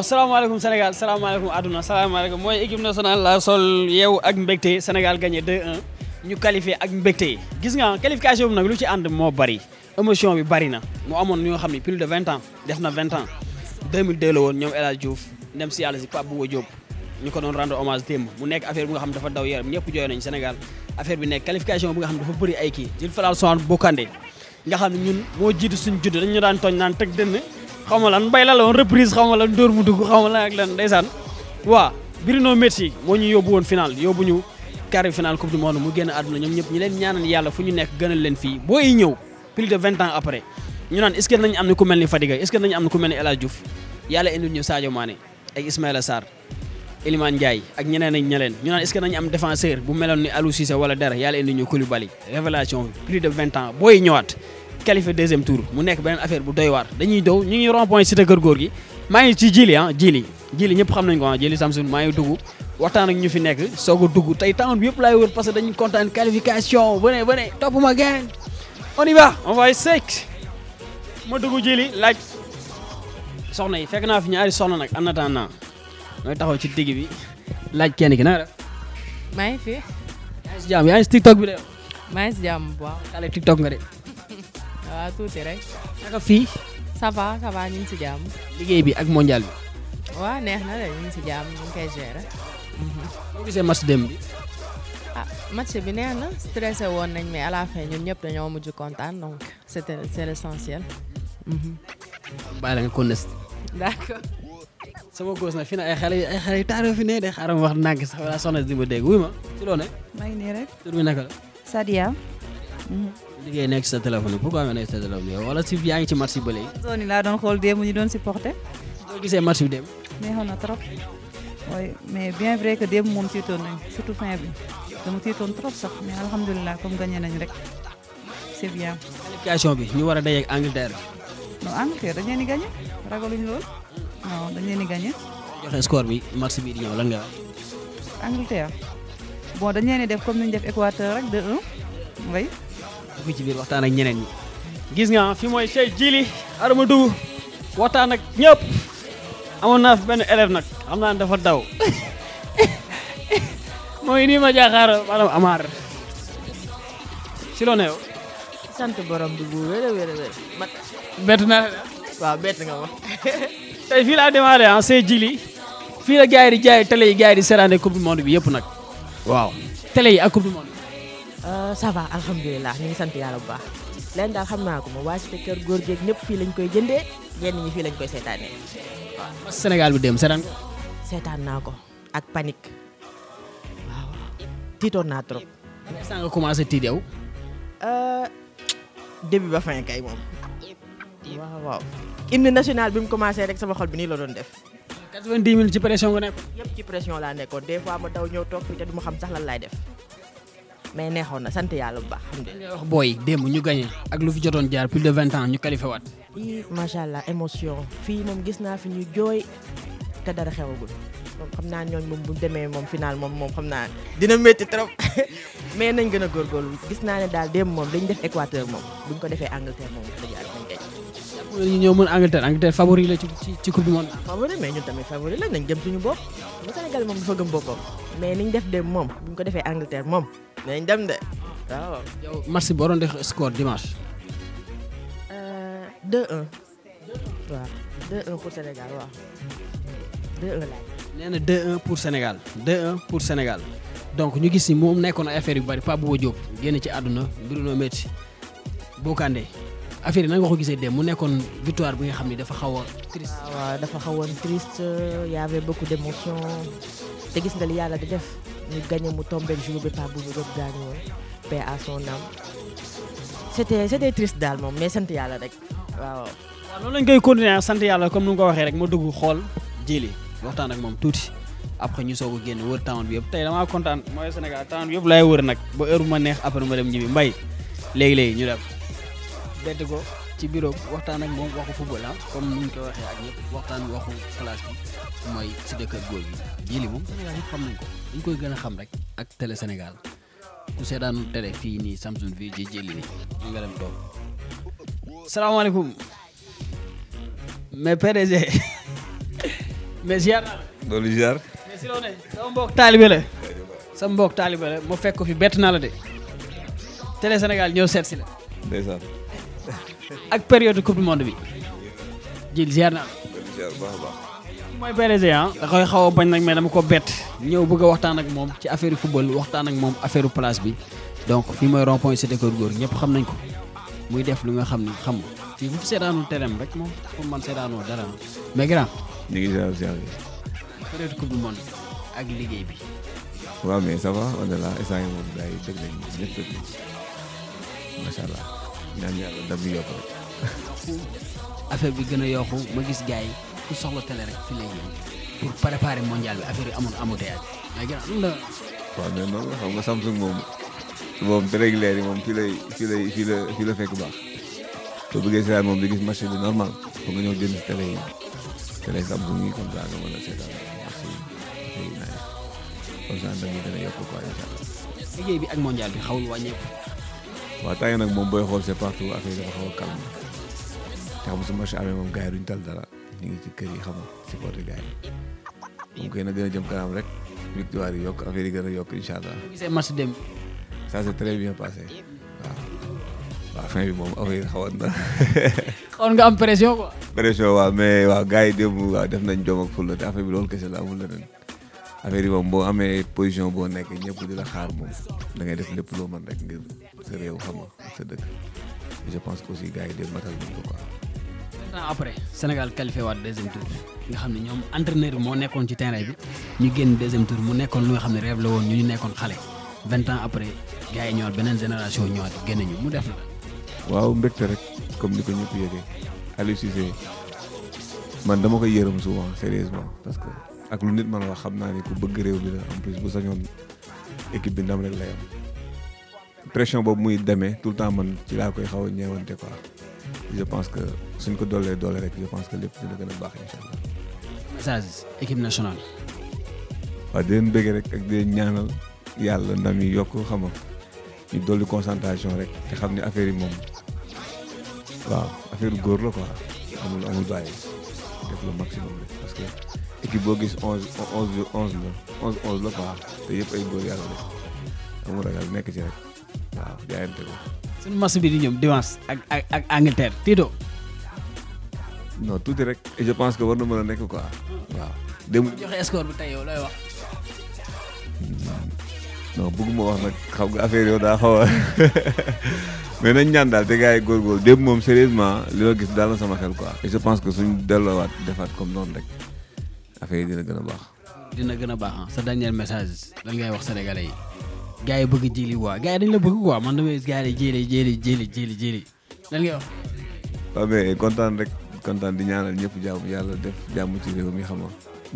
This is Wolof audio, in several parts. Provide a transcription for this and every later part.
waaw salaamaaleykum Sénégal salaamaaleykum àdduna salaamaaleykum mooy équipe nationale la sol yeewu ak mbégte Sénégal gagné 2-1 ñu qualifié ak mbégte gis nga qualification bi nag lu ci ànd moo bari émotion bi bari na mu amoon ñoo xam ne plus de 20 ans def na 20 ans 2002 la woon ñoom El Hadj Diouf dem si yàlla ñu ko doon rendre hommage démb mu nekk affaire bi nga xam dafa daw yaram ñëpp jooy nañ Sénégal affaire bi nekk qualification bi nga xam dafa bari ay kii jël falal son bokkande nga xam ne ñun moo jiitu suñ judd dañ daan tooñ naan teg dënn xaw ma lan mbay la la woon reprise xaw ma lan dóor mu dugg xaw ma lan ak lan ndeysaan waa Bruno Metsu moo ñu yóbbu woon final yóbbu ñu quart final coupe du monde mu génn àdduna ñoom ñëpp ñi leen ñaanal yàlla fu ñu nekk gënal leen fii boo yi ñëw plus de vingt ans après ñu naan est ce am ne ku mel ni Fadiga est ce am ne ku mel ni El Hadj yàlla indil ñu Sadio Mané ak Ismaïla Sarr Iliman ak ñeneen ak ñu naan est ce am défenseur wala dara yàlla indi ñu Koulibaly révélation plus de vingt ans qualifié deuxième tour mu nekk benn affaire bu doy waar dañuy dow ñu ngi rond point cité kër góor gi maa ngi ci jili ah jili jili ñëpp xam nañ ko ah jili Samson maa dugg waxtaan ak ñu fi nekk soog a dugg tey temps bi yëpp laay wër parce que dañu kontaan qualification venez venez topp ma gain on y va ma dugg jili laaj soxna yi fekk naa fi ñaari soxna nag en attendant mooy taxaw ci digg bi laaj kenn ki nag maa ngi fi yaa ngi si jàmm yaa ngi si waaw ah, tuuti rek. naka fii. ça va ça va ñu ci jàmm. liggéey bi ak mondial bi. waaw neex na de ñu ngi ci jàmm ñu ngi koy gérer. Mhm. boo gisee match dem bi. ah match bi neex na stressé woon nañ mais à la fin ñun ñëpp dañoo mujj kontaan donc c'était c'est l'essentiel. Mhm. bàyyi la nga ko nes. d'accord. sama góos nag fi na ay xale yu ay xale yu taaroo fi ne de xaaral ma wax nànk sax wala soxna si di ma dégg wuy ma ci loo ne. maa ngi nii rek. tur bi naka la. Sadia. Mhm. liggéey nekk sa téléphone pourquoi nga nekk sa téléphone yow wala si yaa ngi ci match bi ba léegi. zone yi laa doon xool démb ñu doon supporté. soo gisee match bi na trop. oui mais bien vrai bi dama tiitoon trop sax mais alhamdulilah comme gagné nañ rek c' est bien. bi ñu war a dajeeg Angleterre. non Angleterre dañ leen di gagné ragaluñ lool non dañ leen score bi match bi di ñëw lan nga. Angleterre bon dañ leen di def comme ni ñu def Équateur rek dugg ci biir waxtaan ak ñeneen ñi. gis nga fi mooy Cheikh Jili arama dugg waxtaan ak ñëpp amoon naa fi benn élève nag xam naa dafa daw mooy nii ma jaaxaar maanaam Amar si loo neew sant borom bi bu wér a wér a wér nga ma tey fii laa démarré en ah, Cheikh Jili fii la gars yi jaay télé yi gars yi di seeraane coupe du monde yëpp nag waaw télé yi ak coupe du Euh, ça va alhamdulilah ñu ngi sant yàlla bu baax leen daal xam naa ko moom waa Cité Kër Góor geeg ñëpp fii lañ koy jënde ñenn ñi fii lañ koy seetaanee waaw. Sénégal bi dem seetaan seetaan naa ko ak panik tiitoon naa trop. saa nga commencé tiit yow. Euh, début ba fin kay moom. waaw waaw. hymne national bi mu commencé rek sama xol bi nii la doon def. 90 minutes ci pression nga nekk. yëpp ci pression laa nekkoon des fois ma daw ñëw toog fii te du xam sax lan laay def. mais neexoon na sant yàlla bu baax alhamdulilah. wax booy démb ñu gagné ak lu fi jotoon jaar plus de vingt ans ñu qualifié waat. ii macha fii moom gis naa fi ñu jooy te dara xewagul moom xam naa ñooñ moom bu demee moom final moom moom xam naa dina métti trop mais nañ gën a góorgóorlu gis naa ne daal démb moom dañ def Équateur moom buñ ko defee Angleterre moom ñu ñëw mën Angleterre Angleterre favori la ci ci coupe du monde. favori la nañ gëm suñu bopp ba Sénégal moom dafa gëm boppam mais niñ def de moom bu ñu ko defee Angleterre moom nañ dem de waaw. yow match boo doon def score dimanche. 2-1. Euh, waaw 2-1 pour Sénégal waaw pour Sénégal 2 donc ñu gis ni moom nekkoon na affaire yu bari Pape Bouba Diop génn ci àdduna mbiru noo métti Bokandé. affaire yi nan ko gisee dem mu nekkoon victoire bu nga xam ne dafa xaw a triste. Ah, dafa xawoon triste y avait beaucoup d'émotion te gis nga li yàlla di def ñu gagné mu tombé jour bi Pape Bouba Diop gaañu woon paix à son âme c'était c'était triste daal moom mais sant yàlla rek waaw. loolu lañ koy continuer ah, sant yàlla comme ni nga ko waxee rek ma dugg xool jëli waxtaan ak moom tuuti après ñu soog a génn wër town bi yëpp tey damaa kontaan mooy Sénégal town bi yëpp laay wër nag ba heure bu ma neex après ma mbay léegi-léegi ñu bett ko ci biro waxtaan ak moom waxu football ah comme ni ñu ko waxee ak ñëpp waxtaan waxu place bi mooy si dëkk ak góor bi jii moom Sénégal yëpp xam nañ ko dañ koy gën a xam rek ak télé Sénégal ku seedaanul télé fii nii Samsung fii ji jëli ni ñu dem toog salaamaaleykum mais PDG mais ziar loolu si loo ne sama mbokk la sama mbokk taalibe la ma fekk ko fi bett naa la de télé Sénégal ñëw seet si la ak période coupe du monde bi. jil ziar naa. ziar baax baax. mooy PDG ah. da koy xaw a bañ nag mais dama ko bett. ñëw bëgg a waxtaan ak moom ci affaire football waxtaan ak moom affaire place bi donc fi mooy rond point Cité ñëpp xam nañ ko muy def lu nga xam ne xam nga fii bu fi rek moom man seetaanoo dara mais grand. ñu ngi ziar ziar bi. ak liggéey bi. waaw mais ça ñaan yàlla dam ñu yokk affaire bi gën a yokku ma gis gars yi ku soxla télé rek fi lay yëngu pour préparer mondial bi affaire yi amoon embouteillage mais gën a am la xam nga Samsung moom moom téléglaire yi moom fii lay fii lay fii la fekk baax soo bëggee seetaan moom di gis marché bi normal foog nga ñëw jënd si télé yi télé Samsung yi comme ça nga mën a seetaan marché yi comme ça ndam yi dana yokk quoi incha allah liggéey bi ak mondial bi waaw temps nag moom booy xool c'est partout affaire yi a te xam su match amee moom gars yi duñ tal dara ñu ngi ci kër yi xam nga supporter gars yi moom kay na gën jëm kanam rek victoire yi yokk affaire yi gën a yokk incha allah. gisee match dem. ça c'est très bien passé waaw waaw fin bi moom affaire yi xawoon na. nga am pression quoi. waa waaw mais waaw gars yi démb waaw def nañ jom ak fulla te affaire bi loolu kese la amul leneen. affaire yi moom boo amee position boo nekk ñëpp di la xaar moom da ngay def lépp loo mën rek ngir sa réew xam nga sa dëkk je pense que aussi gars yi matal nañ après Sénégal qualifié waat deuxième tour nga xam ne ñoom entraîneur bi moo nekkoon ci terrain bi ñu génn deuxième tour mu nekkoon lu nga xam ne rêve la woon ñu ñu nekkoon xale vingt ans après gars yi beneen génération ñëwaat génn ñu mu def la. waaw mbégte rek comme ni ko ñëpp yëgee Aliou Cissé man dama ko yërëm souvent sérieusement parce que. ak lu nit man wax xam naa ni ku bëgg réew mi la en plus bu sañoon équipe bi ndam rek lay am pression boobu muy demee tout le temps man ci laa koy xaw a ñeewante quoi je pense que suñ ko doolee doole rek je pense que lépp dina gën a baax incha allah. message équipe nationale. waaw di bëggee rek ak di ñaanal yàlla ndam yi yokk xam nga ñu dolli concentration rek te xam ne affaire yi moom waaw affaire góor la quoi amul amul bàyyi def le maximum rek parce que. équipe boo gis onze la onze onze la quoi te yëpp ay góor yàlla la amul ragal nekk ci rek bi di ñoom dimanche ak ak ak Angleterre tuuti rek et je pense que war na mën a nekk quoi waaw. bi tey yow looy wax. Hmm. non bëgguma wax nag xam nga affaire yow daa xaw a mais ñaan daal te gars yi góorgóorlu démb moom sérieusement li ma gis daal na sama xel quoi. et je pense delloo suñ delloowaat comme noonu rek. affaire yi dina gën a baax. dina gën a baax ah sa dernier message lan wax sénégalais yi. gars yi bëgg jëli waa gars yi dañ la bëgg quoi man damay gars yi jëli jëli jëli jëli jëli lan ngay wax. kontaan rek kontaan di ñaanal ñëpp jàmm yàlla def jàmm ci réew mi xam nga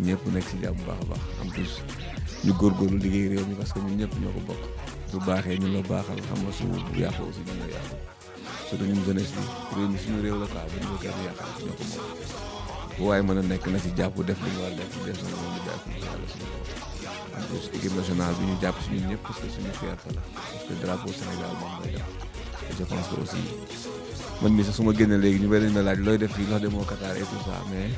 ñëpp nekk si jàmm baax a baax xam plus ñu góorgóorlu liggéey réew mi parce que ñun ñëpp ñoo ko bokk su baaxee ñu la baaxal xam nga su yàqu aussi ñu la yàqu réew mi suñu réew la quoi dañu ko kenn yàqal ñoo ko moom. waaye mën a nekk na ci jàpp def li ñu war a def def na moom di jàpp yàlla suñu ko su équipe ñëpp parce que suñu la parce drapeau Sénégal moom lay def su ma génne léegi ñu bëri na laaj looy def fii lox demoo Qatar et tout ça mais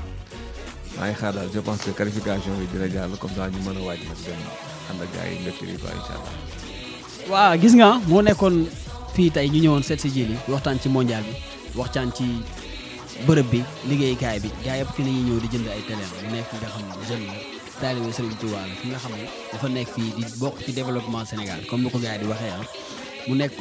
maa ngi xaar daal je pense que qualification bi dina jàll comme ça ñu mën a waaj nag dem ànd ak yi mbégte yi quoi incha allah. waaw gis nga moo nekkoon fii tey ñu ñëwoon seet si ji li waxtaan ci mondial bi waxtaan ci. bërëb bi liggéeykaay bi gaa yëpp fi la ñuy ñëw di jënd ay teleen mu nekk nga xam ne jeune la taalibe Serigne Touba la fi nga xam ne dafa nekk fii di bokk ci développement Sénégal comme ni ko gars yi di waxee ah mu nekk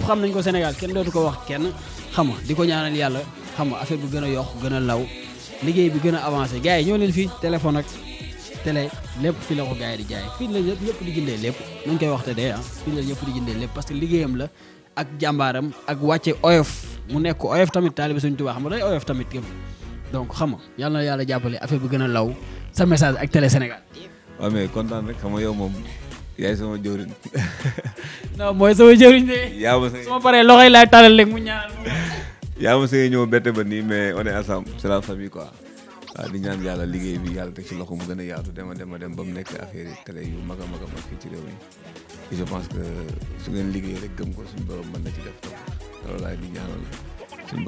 xam nañ ko Sénégal kenn dootu ko wax kenn xam nga di ko ñaanal yàlla xam nga affaire bu gën a yokk gën a law liggéey bi gën a avancé gars yi ñoo leen fii téléphone ak télé lépp fii la ko gars yi di jaay fii la ñëpp di jëndee lépp nañ koy wax te dee ah fii la ñëpp di jëndee lépp parce que liggéeyam la ak jàmbaaram ak wàcce oyof mu nekk oyof tamit taalibe Sëriñ Tuubaa xam nga day oyof tamit gëm donc xam nga yàlla na yàlla jàppale affaire bi gën a law sa message ak Télé Sénégal. waaw mais kontaan rek xam nga yow moom yaay sama jëwriñ. non mooy sama jëwriñ de. yaa ma sëñ su ma paree loxo yi mu ñaanal yaa ma sëñ ñëw bette ba nii mais on est ensemble c'est la famille quoi. waaw di ñaan yàlla liggéey bi yàlla teg ci loxo mu gën a yaatu dema dema dem ba mu nekk affaire yi télé yu mag a mag a ci réew mi je pense que su ngeen liggéey rek gëm ko suñu mën ci def loolu laay di ñaanal suñu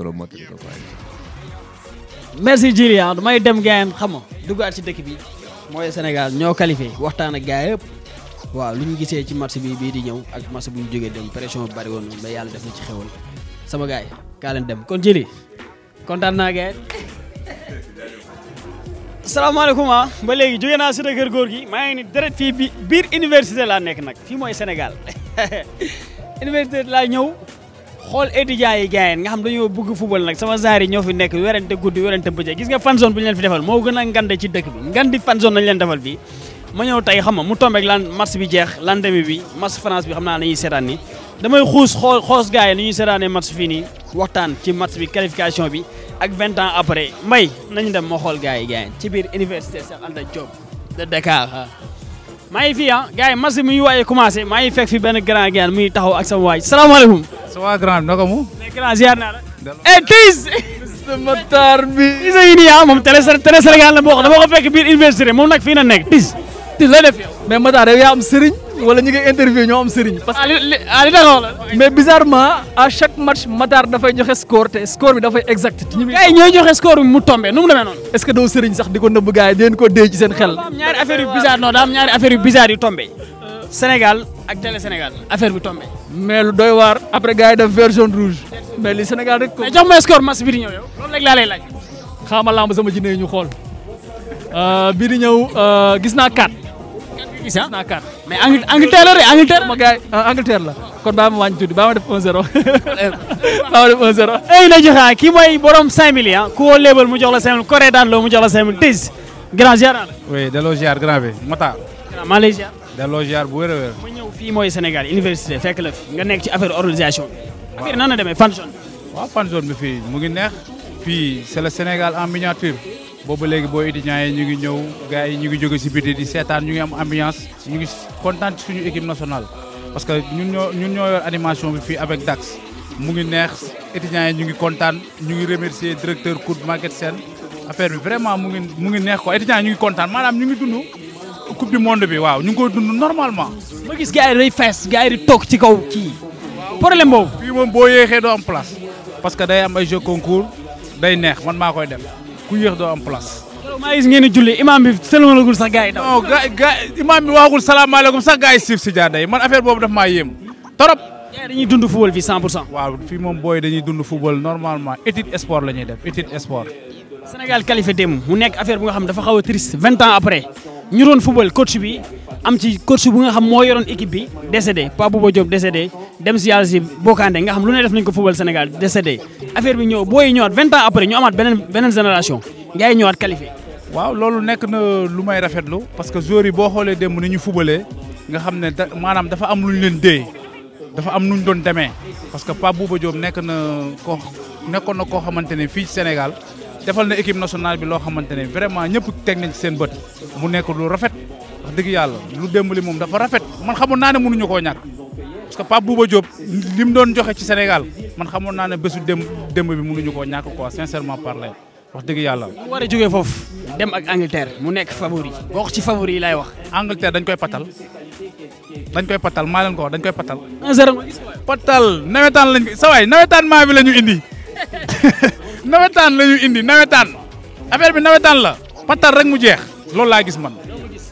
damay dem gaayam xam nga duggaat ci dëkk bi mooy Sénégal ñoo qualifié waxtaan a gaay waaw lu ñu gisee ci match bi bii di ñëw ak match bu ñu jógee dem pression bi bari woon mais yàlla def na ci xewal sama gaay kaa leen dem kon Djily kontaan naa gaay salaamaaleykum ah ba léegi jóge naa Cité Keur gi maa ngi ni direct fii bi biir université laa nekk nag fii mooy Sénégal université laa ñëw xool étudiants yi gars yi nga xam dañoo bëgg football nag sama zaar yi ñoo fi nekk werante guddi werante bëccëg gis nga fan zone bu leen fi defal moo gën a ngande ci dëkk bi ngandi fan zone leen defal fii ma ñëw tey xam nga mu tombeek lan match bi jeex lendemain bi match France bi xam naa nañuy seetaan ni damay xuus xool xoos gaa yi ni ñuy seetaanee match fii nii waxtaan ci match bi qualification bi ak vingt ans après mbay nañu dem moo xool gars yi gars yi ci biir université Cheikh Anta Diop maa ngi fii ah gars yi match mi ñu waaye commencé maa ngi fekk fi benn grand gars muy taxaw ak sama waay salaamaaleykum. ça va grand bi naka mu. mais grand ziar naa la. eh Tiis. Mister Matar bi. Tiis a ngi nii ah moom télé télé Sénégal la boo xam dama ko fekk biir université moom nag fii na nekk Tiis. Tiis lay def yow. mais Matar yow yaa am sëriñ. wala ñi ngay interview ñoo am sëriñ. parce ah, ah, mais bizarrement à chaque match Matar dafay joxe score te score bi dafay exact. ñu ngi ñooy joxe score bi mu tombé nu mu demee noonu. est ce que doo sëriñ sax di ko nëbb gars yi di leen ko dee seen xel. affaire yu bizarre non daa am ñaari affaire yu bizarre yu tombé. Euh, Sénégal ak télé Sénégal affaire bi tombé. mais lu doy waar après gars yi def version rouge. mais li Sénégal rek ko. mais jox ma score match bi ñëw yow loolu sama jinne ñu xool euh, bii di ñëw euh, gis naa 4 gis naa 4. mais Angleterre ma gars euh, Angleterre la kon baa ma wàññi tuuti baa ma def 1 mooy borom 5000 ku woo léebal mu jox la 5000 Corée daan loo mu jox la 5000 Diz grand ziar la. oui delloo ziar grand bi Mata. grand maa lay ziar. bu wér a wér. mu fii mooy Sénégal université fekk la fi nga nekk ci affaire organisation bi. waaw affaire nan la fan zone. waaw fan zone bi fii mu ngi neex. fii c'est le Sénégal en miniature. boobu léegi boo étudiants yi ñu ngi ñëw gars yi ñu ngi jóge si biti di seetaan ñu ngi am ambiance ñu ngi kontaan ci suñu équipe nationale. parce que ñun ñoo ñun ñoo animation bi fii avec Dax mu ngi neex étudiants yi ñu ngi kontaan ñu ngi remercier directeur Coupe Maguette seen affaire bi vraiment mu ngi mu ngi neex ko étudiants yi ñu ngi kontaan maanaam ñu ngi dund coupe du monde bi waaw ñu ngi ko dund normalement. ma gis gars yi day fees gars yi toog ci kaw kii problème boobu. fii moom boo yéexee doo place parce que day am ay jeux concours day neex man maa koy def. ku yéex doo am place. maa gis ngeen di julli imam bi sëlmalagul sax sax gars siif si jaar man affaire boobu daf maa yéem trop. gars dañuy dund football fii 100 pour cent. fii moom booy dañuy dund football normalement étude sport la ñuy def étude sport. Sénégal qualifié démb mu nekk affaire bu nga xam dafa xaw a triste 20 ans après ñu doon football coach bi am ci coach bu nga xam moo yoroon équipe bi décédé Pape Bouba Diop décédé dem si boo si Bokande nga xam lu ne def nañ ko football Sénégal décédé affaire bi ñëw booy ñëwaat vingt ans après ñu amaat beneen beneen génération gars yi ñëwaat qualifié. waaw loolu nekk na lu may rafetlu parce que joueurs yi boo xoolee démb ni ñu fubalee nga xam ne maanaam dafa am lu ñu leen dee dafa am nu ñu doon demee parce que Pape Bouba Diop nekk na ko nekkoon na koo xamante ne fii Sénégal. defal na équipe nationale bi loo xamante ne vraiment ñëpp teg nañ ci seen bët mu nekk lu rafet wax dëgg yàlla lu demb li moom dafa rafet man xamoon naa ne mënuñu koo ñàkk parce que Pape Bouba Diop li mu doon joxe ci Sénégal man xamoon naa ne bésu démb démb bi mënuñu koo ñàkk quoi sincèrement parler wax dëgg yàlla. bu foofu dem ak Angleterre mu nekk favori boo wax ci favori yi wax. Angleterre dañ koy patal dañ koy patal maa leen ko wax dañ koy patal. 1 patal nawetaan lañ ko nawetaan maa bi la ñu indi nawetaan la ñu indi nawetaan affaire bi nawetaan la patal rek mu jeex loolu laa gis man.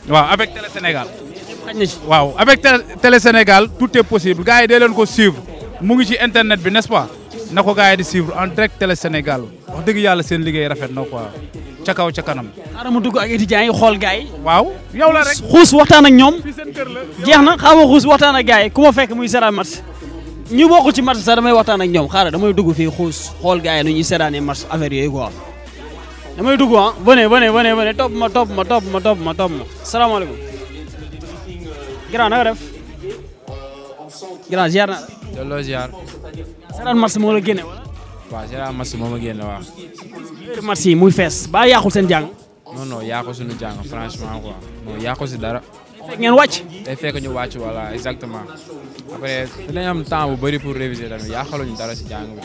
waaw avec Télé Sénégal. waaw avec Télé Sénégal tout est possible gars yi dee ko suivre mu ngi ci internet bi n'est-ce pas na ko gars yi di suivre en direct Télé Sénégal wax dëgg yàlla seen liggéey rafet na quoi ca kaw ca kanam. xaaral ma dugg ak étudiants yi xool gars yi. waaw yow la rek xuus waxtaan ak ñoom. jeex na xam nga xuus waxtaan ak gars yi ku ma fekk muy seetaan match ñu bokkul ci match sax damay waxtaan ak ñoom xaaral damay dugg fi xuus xool gars yi nu ñuy seetaanee match affaire yooyu quoi. damay dugg ah venez venez venez venez topp ma topp ma topp ma topp ma topp ma salaamaaleykum. grand na nga def. grand ziar na. delloo ziar. seetaan match moo la génne wala. waaw seetaan match moo ma génne waaw. yooyu match yi muy fees ba yàqul seen jàng. non non yàqu suñu franchement quoi non yàqu si dara. fekk wàcc. day fekk ñu wàcc voilà exactement après dinañ am temps bu bëri pour réviser tamit yàqaluñu dara si jàng bi.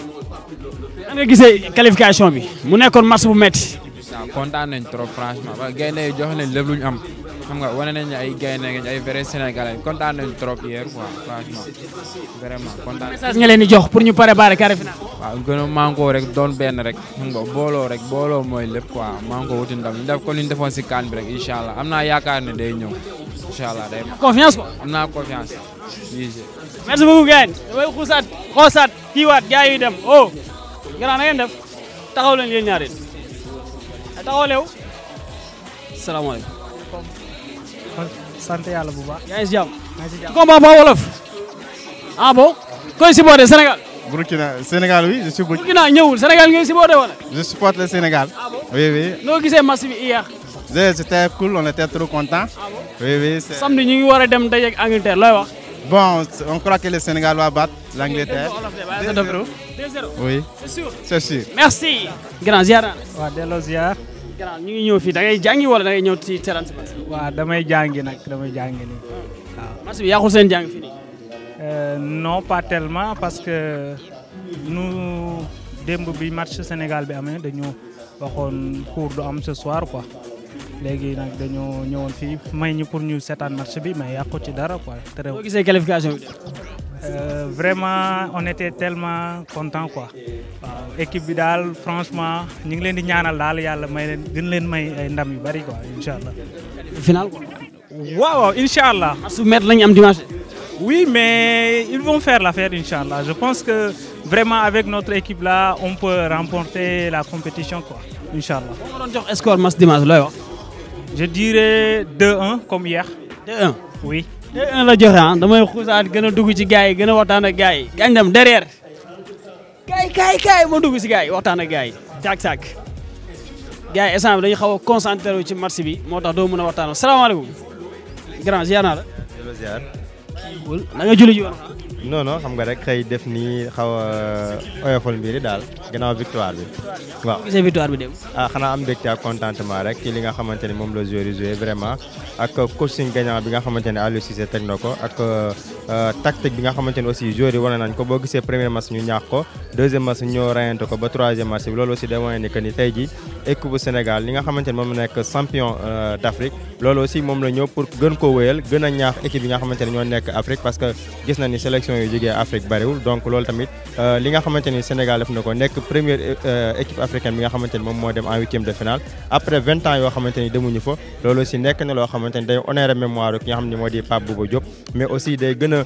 nan nga qualification bi mu nekkoon match bu métti. waaw kontaan nañ trop franchement parce que gaynde yi jox nañ lépp lu am xam nga wane nañ ay gaynde yi ay vrai sénégalais kontaan nañ trop hier quoi franchement vraiment kontaan. message leen di jox pour ñu préparer carré final. waaw gën a mànkoo rek doon benn rek xam booloo rek booloo mooy lépp quoi mànkoo wuti ndam ñu def ko ñu defoon si kan bi rek incha allah am naa yaakaar ne day ñëw. incha allah day confiance quoi naa confiance. merci beaucoup gars yi damay xuusaat xoosaat kiiwaat gars dem oh. grand na ngeen def taxaw leen yéen ñaar taxaw leew. salaamaaleykum. sant yàlla bu baax. yaa ngi si jàmm. combat ba wolof. ah bon. koy supporté Sénégal. Burkina Sénégal oui je suis. Burkina ñëwul Sénégal ngay supporté wala. je supporte le Sénégal. ah bon noo gisee match bi C'était cool, on était trop contents. Ah oui, on croit Sénégal va battre l'Angleterre. Waaw delloo ziar. Grand ñu ngi ñëw fii da ngay jàngi wala da ñëw ci terrain bi. damay jàngi nag damay jàngi nii. Waaw. Ah. Match bi yàqul seen euh, parce que nous démb bi match Sénégal bi amee dañu waxoon cours du am soir quoi. léegi nag ñoo ñëwoon fii may ñu pour ñu seetaan match bi mais yàqu ci dara quoi. très boo gisee qualification bi. Euh, vraiment on était tellement content quoi. équipe bi daal franchement ñu ngi leen di ñaanal daal yàlla may leen gën leen may ay ndam yu bari quoi incha allah. final quoi. waaw waaw incha allah. su met lañu am dimanche. Oui, mais ils vont faire l'affaire, Inch'Allah. Je pense que vraiment, avec notre équipe-là, on peut remporter la compétition, quoi. Inch'Allah. je dirais 2-1 comme hier. 2-1 oui. 2-1 la joxe ah damay xuusaat ah, gën a dugg ci gars yi gën a waxtaan ak gars yi. gaañ dem derrière. kaay kaay kaay ma dugg ci gars yi waxtaan a gars yi. saak saak gars yi instant dañu xaw a concentré wu ci match bi moo tax doo mën a waxtaan ak salaamaaleykum. grand ziar naa la. non xam nga rek xëy def nii xaw a euh, oyofal mbir yi daal gannaaw victoire bi. waaw gisee victoire bi dem. Ah, xanaa am mbégte ak contentement rek ci li nga xamante ne moom la joueur yi joué vraiment ak euh, coaching gagnant bi nga xamante ne Aliou Cissé teg na ko ak euh, tactique bi nga xamante ne aussi joueur yi wane nañ ko boo gisee premier match ñu ñaax ko deuxième match ñu rayante ko ba troisième match bi loolu aussi day wane ni que ni tey ji équipe bu Sénégal nga xamante ni moom la nekk champion euh, d'Afrique loolu aussi moom ko a ñaax équipe yi nga xamante ne ñoo nekk Afrique parce que gis na ni sélection euh, nga xamante ni Sénégal def euh, africaine bi nga xamante moom moo dem en huitième de finale après vingt ans yoo xamante ni demuñu fa loolu aussi nekk na loo day honorer mémoire ki xam ne moo di Pape Bouba Diop mais aussi day gën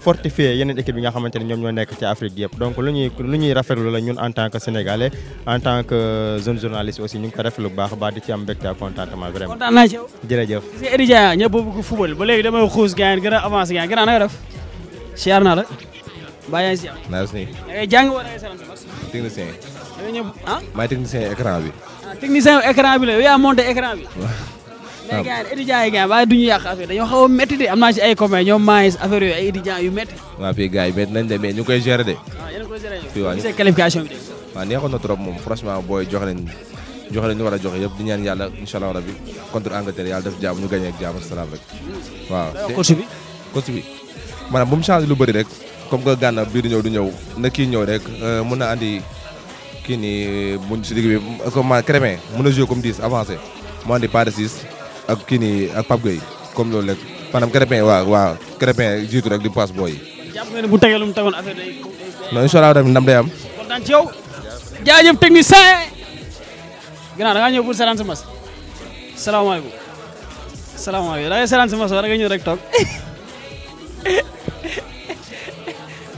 fortifier yeneen équipe yi nga xamante ñoom ñoo nekk ci Afrique yëpp donc lu ñuy lu ñuy rafetlu la ñun en tant que Sénégalais en tant que doon journaliste aussi ñu ngi ko rafetlu bu baax a di ci am mbégte ak contentement vraiment. kontaan naa ci yow jërëjëf. gis nga Edy damay xuus gars yi gën a avancé gars yi gën a naa la. mbaa yaa si jàmm. naa si. da ngay jàng wala ngay saran si. technicien. da ngay ñëw ah. maay technicien écran bi. ah technicien écran bi la yow yaa monté écran bi. mais gars yi Edy Dieng yi gars waaye du ñu yàq affaire dañoo xaw a métti de am naa ci ay copains ñoom maïs affaire yooyu ay Edy Dieng nañ de mais ñu koy gérer de. Ah, a fii waa ñu gisee qualification bi de. waaw neexoon na trop moom franchement booy joxe nañ joxe war a joxe yëpp di ñaan yàlla incha allah rabi contre Angleterre yàlla def jàmm ñu gagné ak jàmm ak salaam rek bi coach bi maanaam bu lu bëri rek comme que Gana bii ñëw du ñëw na kii ñëw rek euh, mun na kii nii buñ si digg bi comme a jouer comme 10 avancé mu andi pas de 6 ak kii nii ak Pape Gueye comme loolu rek maanaam Krépin waaw waaw Krépin jiitu rek di passe booy yi. jàpp nga ne bu tegee lu mu tegoon affaire day. non incha allah rabi ndam day am. jaajëf technicien ginnaaw da ngaa ñëw pour seetaan si mas salaamaaleykum salaamaaleykum da ngay seetaan si mas war nga ñëw rek toog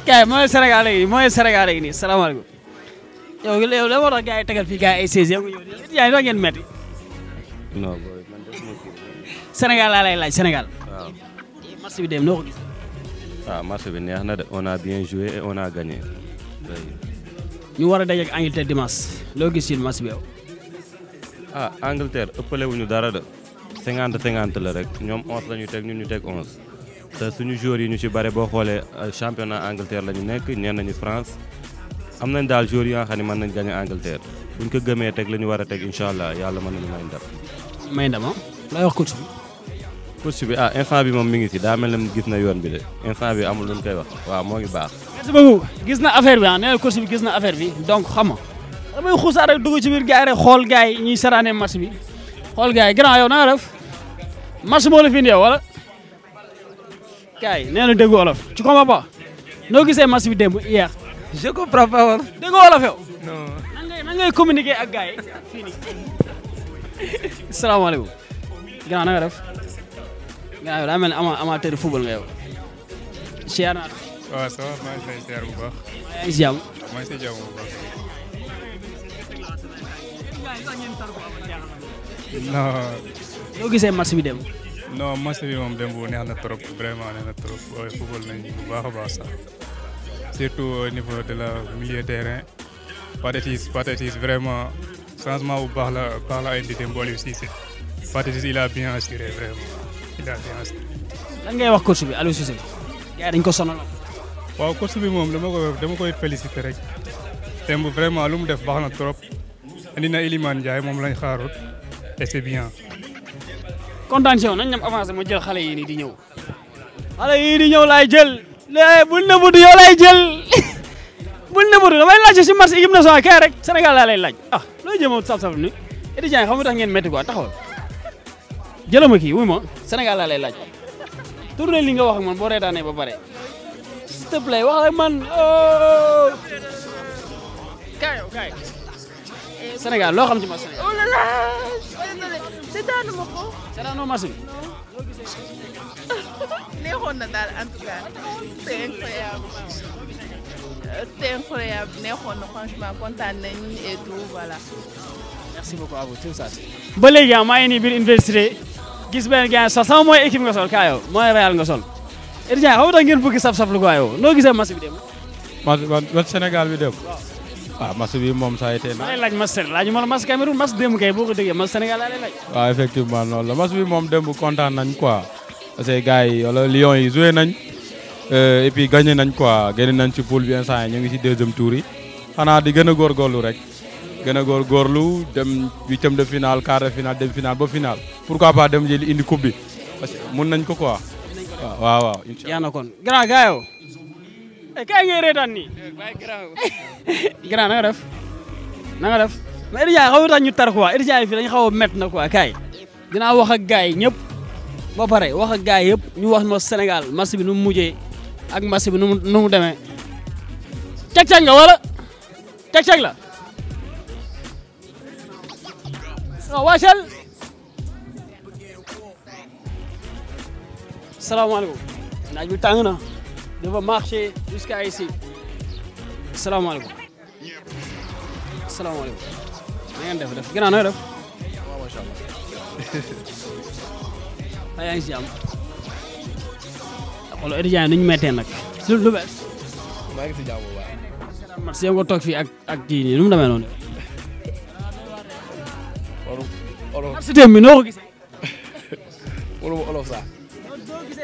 kay mooy Sénégal mooy Sénégal léegi nii salaamaaleykum yow yow la war a gars yi tegal fii gars yi ay seize yow yaa ngi doon lay laaj Sénégal waaw bi dem noo ko gis waaw ah, match bi neex na de on bien joué et on a ñu war a dajeeg Angleterre dimanche loo gis ci match bi yow. ah Angleterre ëppale dara de. 50 50 la rek ñoom 11 la ñu teg ñu ñu teg 11. te suñu joueurs yi ñu ci bare boo xoolee euh, championnat Angleterre la ñu nekk ñeen nañu France am nañ daal joueurs yi nga xam ne mën nañ gagné Angleterre buñ ko gëmee teg la ñu war a teg incha allah yàlla mën nañu may ndam. may ndam ah. lay wax coach bi. coach bi ah instant bi moom mi ngi ci daa mel na ne gis na yoon bi de instant bi amul luñ koy wax waaw moo ngi baax. merci beaucoup gis na affaire bi ah nee na course bi gis na affaire bi donc xam nga damay xuusaa rek dugg ci biir gars yi rek xool gars yi ñuy saraanee match bi xool gars yi grand yow na nga def match moo la fi indi yow wala gars yi nee na déggu olof tu comprends pas noo gisee match bi démb hier. je comprends pas wala. déggu olof yow. non nan ngay nan ngay communiquer ak gars yi fii nii. salaamaaleykum. grand na nga def. grand yow daa mel ni ama amateur football nga yow. siyaar naa waaw ça va maa ngi lay ziar bu baax. maa si jàmm. maa si jàmm bu noo gisee match bi dem. non match bi moom dem bu neex na trop vraiment neex na trop waaye football bu baax a baax sax surtout au niveau de la milieu terrain Patétis Patétis vraiment changement bu baax la baax la ay di dem boole si Patétis bien assuré vraiment il bien assuré. lan ko sonaloon. waaw course bi moom dama koy dama koy féliciter rek temb vraiment lu mu def baax na trop indi na Elimane Ndiaye moom lañ xaarut et c'est kontaan si yow nañ ñam avancé ma jël xale yi nii di ñëw xale yii di ñëw laay jël bul na budd yow laay jël bul na budd damay laaj si match équipe nationale kay rek Sénégal laa lay laaj ah looy jëmoo saf-saf ni étudiant yi xam tax ngeen métti quoi taxawal jëlama kii wuy ma Sénégal lay laaj tourné li nga wax ak boo reetaanee ba pare s'il te plaît wax ak man loo xam ci match Sénégal. oh là là ma ko. seetaanu match bi. neexoon na daal en tout cas c'est incroyable c'est incroyable neexoon na franchement kontaan nañu et tout voilà. merci beaucoup ah, maa ngi nii biir université gis benn gars sax sama mooy équipe nga Kaayo mooy Real nga sol. e xaw ma tax ngeen bëgg saf-saf lu ko ayoo noo gisee match bi dem. match ba Sénégal bi dem. waaw ah, match bi moom ça a été. laaj match Sénégal laaj ma la match Cameroun match démb kay boo ko déggee match Sénégal laa lay laaj. waaw ah, effectivement noonu la match bi moom démb kontaan nañ quoi parce que gars yi wala Lions yi joué nañ euh, et puis gagné nañ quoi génne nañ ci poule bi instant yi ñu ngi ci deuxième tour yi xanaa di gën a góorgóorlu rek. gën a lu dem huitième de finale quart de finale demi ba finale pourquoi pas dem indi coupe bi parce que nañ ko quoi. waaw waaw waaw incha allah yaana kon grand gars yow. Eh, kaay ngay reetaan nii. Eh, grand na nga def. na def mais étudiants yi xaw ma ñu tar quoi étudiants yi xaw a na quoi kaay. dinaa wax ak gars yi ñëpp. ba pare wax ak gars yëpp ñu wax ma Sénégal match bi nu mu mujjee ak match bi nu mu nu mu demee. nga wala cag la. waaw salaamaaleykum naa bi tàng na dafa marché jusqu'à ici salaamaaleykum salaamaaleykum na ngeen def def gannaaw nooy def waaw macha si jàmm xool étudiant yi nu ñu mettee nag si lu bees si jàmm bu baax fii ak ak kii nii nu mu ko gisee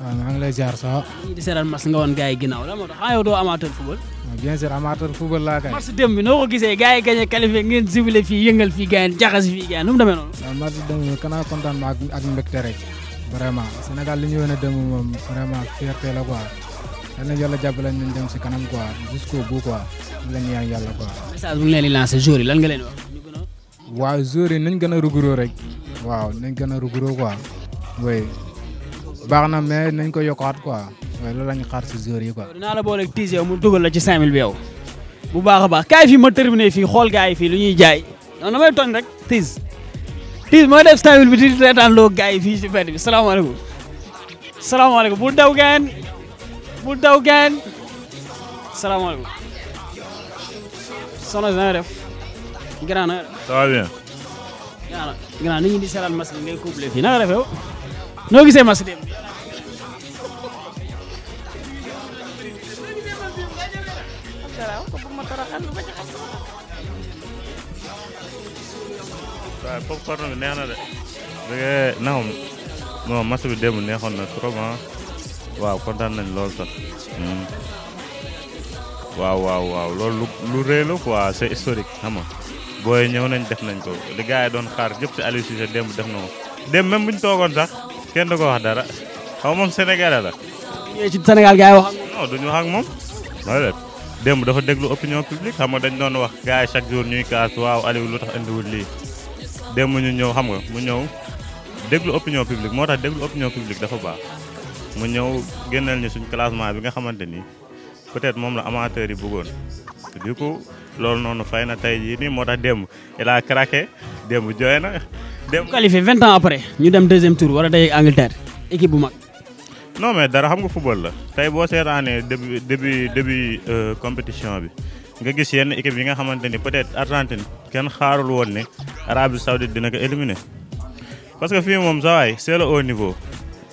waaw maa ngi lay ziar ça va. ñii la moo tax ah yow doo amateur football. Ah, bien sûr amateur football laa kay. match démb bi noo ko gisee gars yi gagné qualifié ngeen zibilé yëngal fii gars yi jaxas fii nu mu demee noonu. waaw match démb bi kanaa kontaan ma ak ak rek vraiment Sénégal li ñu wane démb moom vraiment la quoi yal na yàlla jàppale ñu dem si kanam quoi jusqu'au bout quoi ñu leen ñaan yàlla quoi. waaw joueurs yi nañ gën a ruguroo rek. waaw nañ gën a ruguroo quoi baax na mais nañ ko yokkaat quoi waaye la ñu xaar si joueurs yi quoi. dinaa la booleeg Tizia mu dugal la ci 5000 bi yow. bu baax a baax kaay fii ma terminé fii xool gars yi fii lu ñuy jaay non damay tooñ rek Tiz Tiz moo def 5000 bi di reetaan loo gars yi fii si fête bi salaamaaleykum. salaamaaleykum bu daw geen bu daw geen salaamaaleykum. soxna si na nga def. na nga def. bien. gannaaw gannaaw ni ñu di seetaan mas bi ngay na nga def noo gisee match dem waaw popcorn bi neex na de. dëgg naxam non match bi neexoon na trop ah. waaw kontaan nañ lool sax. Hmm. waaw waaw lool loolu lu rëy la quoi c'est historique xam ñëw nañ def nañ ko li gars yi doon xaar yëpp si Aliou Cissé démb def na ko démb même toogoon sax. kenn du ko wax dara xaw moom Sénégalais la. ñëwee wax. ak moom. mooy démb dafa déglu opinion publique xam nga dañ doon wax gars yi chaque jour ñuy kaas waaw Aliou lu tax indiwul lii. démb ñu ñëw xam nga mu ñëw déglu opinion publique moo tax déglu opinion publique dafa baax mu ñëw génneel ñu suñ classement bi nga xamante ni peut-être moom la amateurs yi bëggoon. du coup loolu noonu fay na tey jii nii moo tax démb il a démb jooy na. dem qualifié vingt ans après ñu dem deuxième tour wala day Angleterre équipe bu mag. non mais dara xam nga football la tey boo seetaanee début début début euh, compétition bi nga gis yenn équipe yi nga xamante ni peut-être Argentine kenn xaarul woon ne Arabie Saoudite dina ko éliminer. parce fii moom sawaay c'est le niveau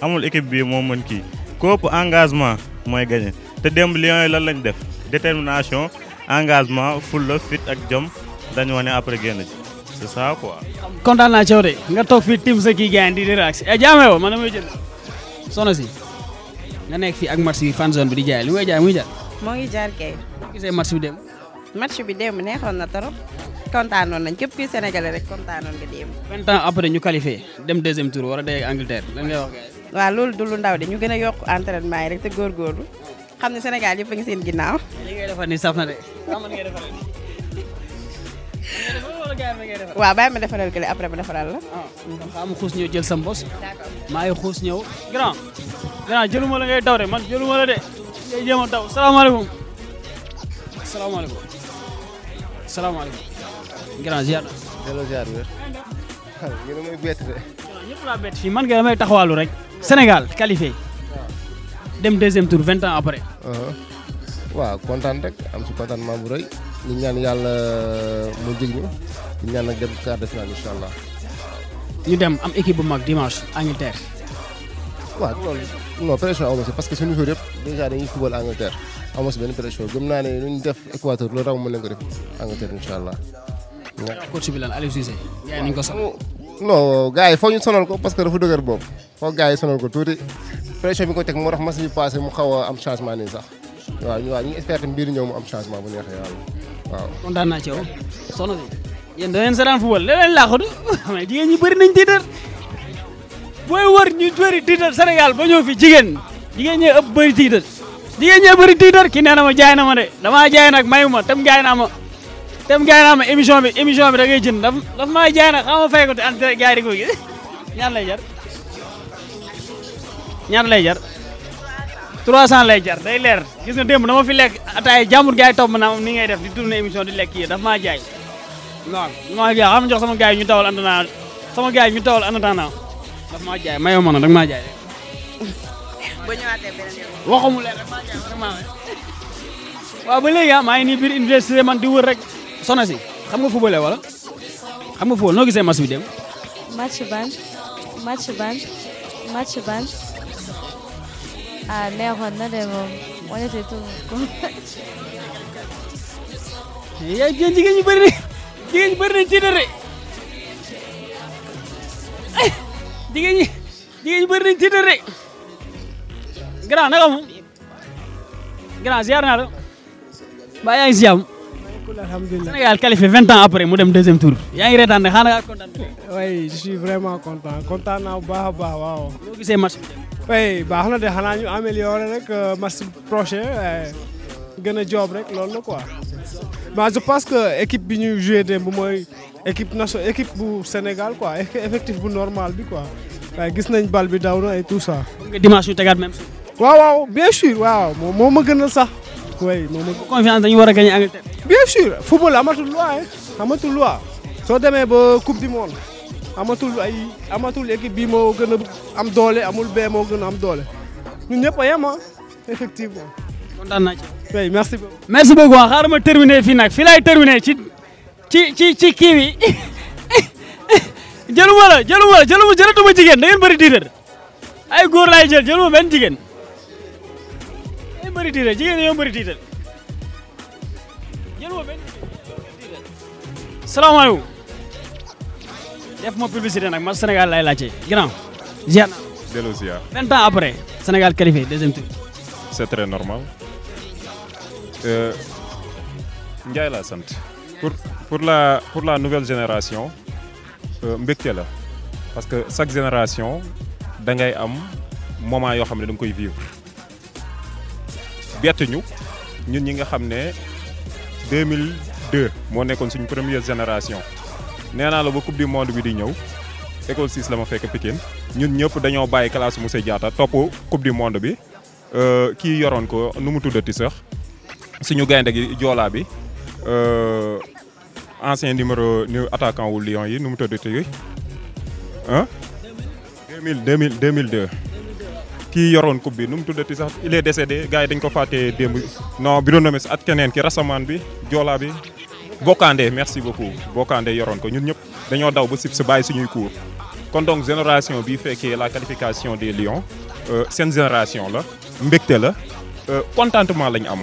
amul équipe bii moom mën kii képp engagement mooy gagné te démb Lions yi lan lañ def détermination engagement fulla fit ak jom dañu wane après génn ji. c'est ça quoi. kontaan naa ci yow de nga toog fii tim sa kii gars di relax eh jaamé woo man damay jël soxna si nga nekk fii ak match bi fan zone bi di jaay li muy jaay muy jaay. moo ngi jaar kay. gisee match bi dem. match bi dem neexoon na trop. kontaanoon nañ képp kuy sénégalais rek kontaanoon nga dem. vingt ans après ñu qualifié dem deuxième tour war a dee ak Angleterre lan ngay wax gars yi. waaw loolu du lu ndaw de ñu gën a yokk entraînement yi rek te góorgóorlu xam ne Sénégal yëpp a ngi seen ginnaaw. li ngay defar nii saf na de. waaw baa ma defaral kële après ma defaral la. waaw ah, xuus ñëw jël sa mbos. maa ngi xuus ñëw. grand grand jëluma la ngay daw de man jëluma la de ngay jéem a daw salaamaaleykum. salaamaaleykum. salaamaaleykum. grand ziar na. delloo may bett de. ñëpp laa bett fii man nga damay taxawaalu rek. Sénégal qualifié. dem deuxième tour vingt ans après. Uh-huh. waaw kontaan rek am si kontaan maa bu rëy. ñu ñaan yàlla uh, mu jig ñu. di ñaan nag dem de finale incha ñu dem am équipe bu mag dimanche Angleterre. waa loolu non pression aw ma si parce que suñu jour yëpp dèjà dañuy fubal Angleterre aw ma si benn lu ñu def Équateur loolu raw mën ko def Angleterre allah. coach bi lan yi nañu oh, ñu sonal ko parce que dafa dëgër boobu foog gars yi sonal ko tuuti pression bi ko teg moo tax match bi passé mu xaw a am changement nii sax waaw ñu waaw ñu ngi espérer mbir ñëw mu am changement bu neexee yàlla waaw. yéen da ngeen seetaan football leneen laa mais jigéen ñi bëri nañ tiitar booy wër ñu bëri tiitar Sénégal ba ñëw fi jigéen jigéen ñee ëpp bëri tiitar jigéen ñee bëri tiitar ki nee na ma jaay na ma de damaa jaay nag mayu ma tam jaay naa ma tem jaay naa ma émission bi émission bi da ngay jënd daf daf maa jaay nag xama fay ko te gaay di ko gi ñaar lay jar ñaar lay jar 300 lay jar day leer gis nga démb dama fi lekk ataay jàmbur gaay topp ma naa moom ni ngay def di tourné émission di maa jaay non maa jaay xam nga jox sama gars yi ñu tawal ànd naa sama gars yi ñu tawal ànd naa daf maa jaay mayoo ma na dag maa jaay de. ba ñëwaatee beneen yoon. waxumu leen rek maa jaay ma dag maa waaw ba léegi ah maa ngi nii biir université man di wër rek sona si xam nga footballé wala xam nga football noo gisee match bi dem. match ban match ban match ban ah neexoon na de moom wane te tuuti ko. yaa jigéen ñi bëri de. jigéen ñi bëri nañ tiitar de jigéen ñi jigéen ñi bëri naa la mbaa yaa ngi si jàmm alhamdulilah vingt ans après mu dem deuxième tour yaa ngi reetaan de xanaa ngaa kontaan oui je vraiment content kontaan naa bu baax a baax waaw de xanaa ñu rek euh, match prochain gën a rek loolu la bah je pense que équipe bi ñuy joué démb mooy équipe nationale équipe bu Sénégal quoi effectif bu normal bi quoi waaye gis nañ bal bi daw na et tout ça. dimanche ñu tegaat même. waaw waaw bien sûr waaw moom ma gënal sax. oui moo ma. confiance dañu war a gagner Angleterre. bien sûr football amatul amatul loi soo demee ba coupe du monde amatul ay amatul équipe bi moo gën a am doole amul bee moo gën a am doole ñun ñëpp a yem effectivement. kontaan oui merci beaucoup. merci beaucoup ah, xaaral ma terminer fii nag fii laay terminer ci ci ci ci kii bi jëluma la jëluma la jëluma jëlatuma jigéen da ngeen bëri diiréer ay góor laay jël jëluma benn jigéen da ngeen bëri diiréer jigéen ñi ñoo bëri diiréer jëluma benn jigéen. salaamaaleykum. def ma publicité nag man Sénégal laay laajte ginnaaw. jeex na. delloo si 20 ans après Sénégal qualifié deuxième tour. c'est très normal. Euh, Ndiaye la sant pour pour la pour la nouvelle génération euh, mbégte la parce que chaque génération da ngay am moment yoo xam ne da koy vivre bettuñu ñun ñi nga xam ne 2002 moo nekkoon suñu première génération nee naa la ba coupe du monde bi di ñëw école 6 la ma fekk ñu ñëpp dañoo bàyyi classe Moussa Diatta topp coupe du monde bi euh, kii yoroon ko nu mu tuddati sax. suñu gaynde gi joolaa bi euh, ancien numéro nu attaquant wu Lyon yi nu mu tëddati yooyu ah. 2000 2002. kii yoroon coupe bi nu mu tuddati sax il est décédé gars yi dañ ko fàttee démb. non bi doon nommé ak keneen ki rasamaan bi joolaa bi. Bokande merci beaucoup Bokande yoroon ko ñun ñëpp dañoo daw ba sib si bàyyi suñuy cours kon donc génération bi fekkee la qualification des Lions euh, seen génération la mbégte la euh, contentement lañ am.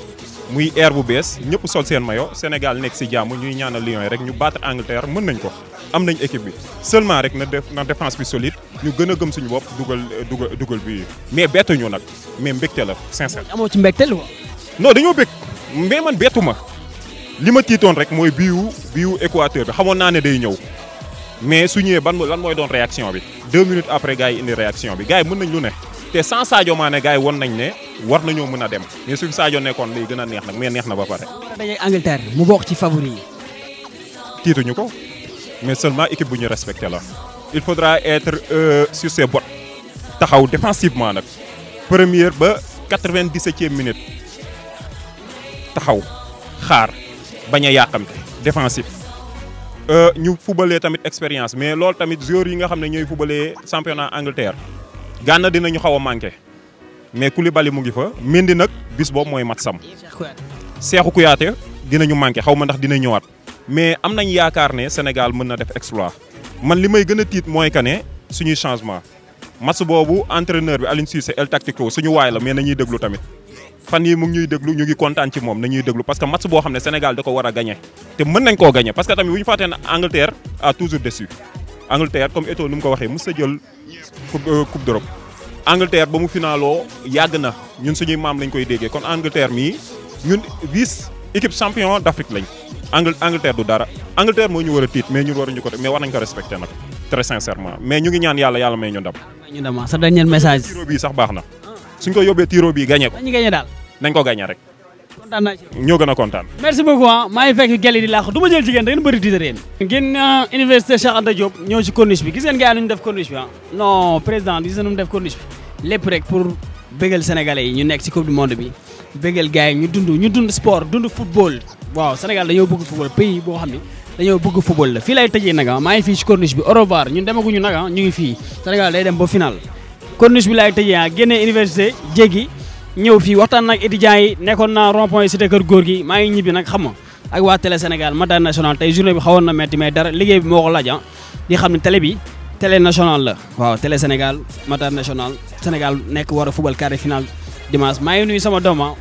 muy air bu bees ñëpp sol seen ma yo Sénégal nekk si jàmm ñuy ñaana Lions yi rek ñu battre Angleterre mën nañ ko am nañ équipe bi seulement rek na def na défense bi solide ñu gën a gëm suñu bopp dugal dugal dugal bi mais bettu ñu nag mais mbég mbégte la sincère. amoo ci mbégte lu non dañoo bég mais man bettu ma li ma tiitoon rek mooy biiwu biiwu Équateur bi xamoon naa ne day ñëw mais su ñëwee ban lan mooy doon réaction bi deux minutes après gars yi indi réaction bi gars yi mën nañ lu ne. te sans Sadio maane gars yi won nañ ne war nañoo mën a dem mais suñu Sadio nekkoon lay gën a neex nag mais neex na ba pare. dajeeg Angleterre mu bokk ci favori yi. tiituñu ko mais seulement équipe bu ñu respecté la. il faudra être euh, sur ses bottes taxaw défensivement nag première ba quatre-vingt-dix-septième minute taxaw xaar bañ a yàqamte défensif. Euh, ñu fubalee tamit expérience mais loolu tamit joueurs yi nga xam ne ñooy fubalee championnat Angleterre. Gana dinañu xaw a manqué mais Koulibaly mu ngi fa Mendy nag bis boobu mooy mat sam Cheikhou Kouyaté dinañu manqué xaw ma ndax dina ñëwaat mais am nañ yaakaar ne Sénégal mën na def exploit man li may gën a tiit mooy que ne suñuy changement match boobu entraîneur bi Aliou Cissé El Tactico suñu waay la mais nañuy déglu tamit fan yi mu ngi ñuy déglu ñu ngi kontaan ci moom nañuy déglu parce que match boo xam ne Sénégal da ko war a gagné te mën nañ koo gagné parce toujours déçu Angleterre comme Eto'o nu ko waxee mës a jël coupe euh, ba mu finaaloo yàgg na ñun suñuy maam lañ koy déggee kon Angleterre mii ñun vice équipe champion d'Afrique lañ Angle du dara Angleterre moo ñu war a tiit mais ñun waruñu ko mais war nañ ko respecté nag très sincèrement mais ñu ngi ñaan yàlla yàlla may ñu ndam. ñu ndam ah, sa message. tiro sax baax na suñ ko yóbbee tiro bii gagné ko. dañu gagné daal nañ ko gagné rek. ñoo gën a kontaan. merci beaucoup ah maa fekk gel di laax du ma jël jigéen da ngeen bëri di reen. Ah, université Cheikh Anta Diop ci corniche bi gis ngeen gars ah. ñu nekk ci coupe du monde bi bégal gars ñu dund sport dund football waaw Sénégal dañoo bëgg football pays boo xam ne dañoo bëgg football la fii lay tëjee nag ah. maa fii ci corniche bi au revoir ñun demaguñu nag ñu ngi fii Sénégal day dem ba final corniche bi laay tëjee ah génnee université jéggi ñëw fii waxtaan nag étudiants yi nekkoon naa rond point cité kër góor gi maa ngi ñibbi nag xam nga ak waa télé Sénégal matin national tey journée bi xawoon na metti mais dara liggéey bi moo ko laaj ah, di xam ne télé bi télé national la waaw télé Sénégal matin national Sénégal nekk wara a football carré final dimanche maa ngi nuyu sama dooma ah,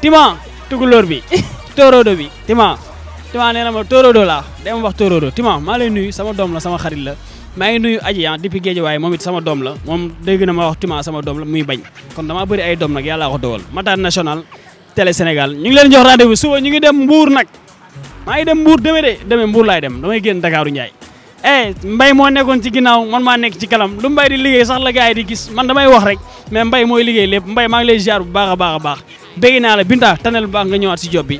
Tima tukulóor bi tóoróodo bi Tima Tima nee na ma tóoróodo laa dem wax toorodo Tima maa lay nuyu sama doom la sama xarit la maa ngi nuyu aji ah depuis Guédiawaye moom it sama doom la moom dégg na ma wax Tima sama doom la muy bañ kon damaa bëri ay doom nag yàlla ko dogal Matar national télé Sénégal ñu ngi leen jox rendez-vous suba ñu ngi dem Mbour nag maa ngi dem Mbour deme de demee Mbour laay dem damay génn Dakaaru Ndiaye eh mbay moo nekkoon ci ginnaaw man maa nekk ci kanam lu mbay di liggéey sax la gaa yi di gis man damay wax rek mais mbay mooy liggéey lépp mbay maa ngi lay bu baax a baax a baax bégg naa la Binta tanel bu baax nga si job bi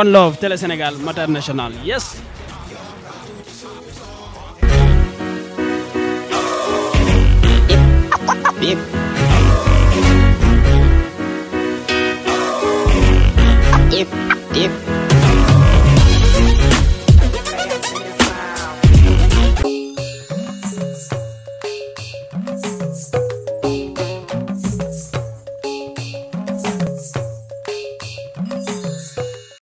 one love télé Sénégal Matar national yes Beep. Beep. Beep.